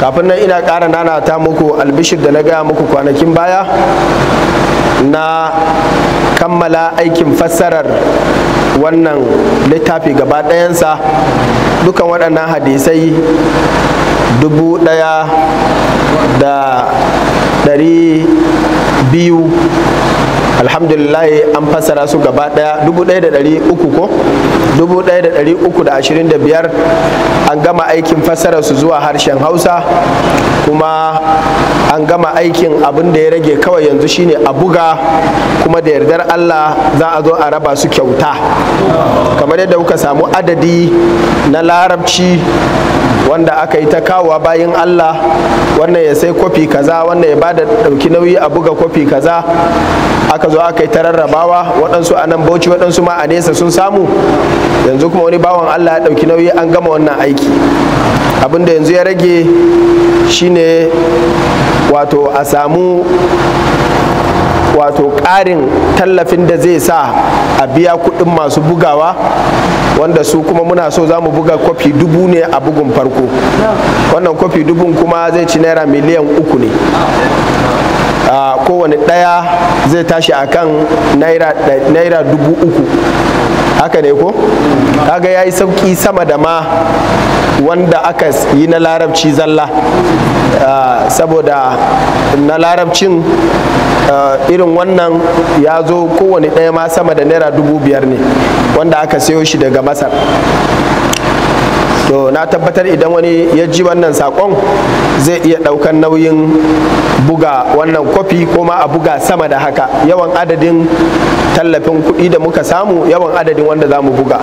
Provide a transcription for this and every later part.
kafin nan ina ƙara nanata muku albishir da na gaya muku kwanakin baya na kammala aikin fassarar wannan littafi gaba ɗayansa dukan waɗannan hadisai dubu ɗaya da ɗari biyu alhamdulillah an fassara su gaba daya 1,300 ko biyar an gama aikin fassara su zuwa harshen hausa kuma an gama aikin abin da ya rage kawai yanzu shine a buga kuma da yardar allah za a zo a raba su kyauta kamar yadda kuka samu adadi na larabci wanda aka yi ta kawowa bayan allah wannan ya sai kwafi kaza wannan ya bada dauki nauyi a buga kwafi kaza aka zo aka yi ta rarrabawa waɗansu a nan bauchi waɗansu ma a nesa sun samu yanzu kuma wani bawan allah ya dauki nauyi an gama wannan aiki abin da yanzu ya rage shine wato a samu wato ƙarin tallafin da zai sa a biya kuɗin masu bugawa wanda su kuma muna so za mu buga kwafi dubu ne a bugun farko wannan kwafi dubun kuma zai ci naira miliyan uku ne A kowane ɗaya zai tashi akan naira dubu uku haka ne ko haka ya yi sauki sama da ma wanda aka yi na larabci zalla saboda na larabcin irin wannan ya zo kowane ɗaya ma sama da naira dubu biyar ne wanda aka sayo shi daga masar to na tabbatar idan wani ya ji wannan sakon zai iya daukan nauyin buga wannan kwafi ko ma a buga sama da haka yawan adadin tallafin kuɗi da muka samu yawan adadin wanda za mu buga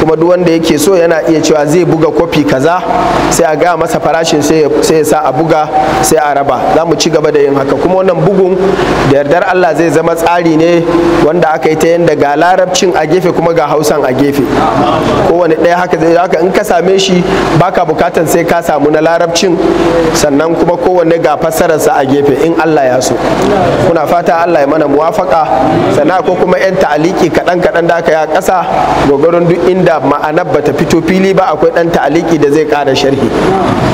kuma duk wanda yake so yana iya cewa zai buga kwafi kaza sai a gaya masa farashin sai ya sa a buga sai a raba za mu ci gaba da yin haka kuma wannan bugun da yardar Allah zai zama tsari ne wanda aka yi ta yanda ga larabcin a gefe kuma ga hausan a gefe kowane ɗaya haka zai haka in ka sami same shi baka bukatan sai ka samu na larabcin sannan kuma kowanne ga fassararsa a gefe in Allah ya so kuna fata Allah ya mana muwafaka sannan ko kuma yan ta'aliki kaɗan kaɗan da aka yi a ƙasa gogoron duk inda ma'anar bata fito fili ba akwai dan ta'aliki da zai kara sharhi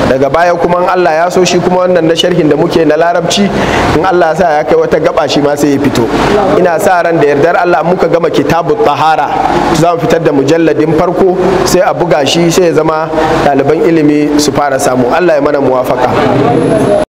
daga baya kuma in Allah ya so shi kuma wannan na sharhin da muke na larabci in Allah ya sa ya kai wata gaba shi ma sai ya fito ina sa ran da yardar Allah muka gama kitabut tahara za mu fitar da mujalladin farko sai a buga shi sai ya zama zama ɗaliban ilimi su fara samu allah ya mana muwafaka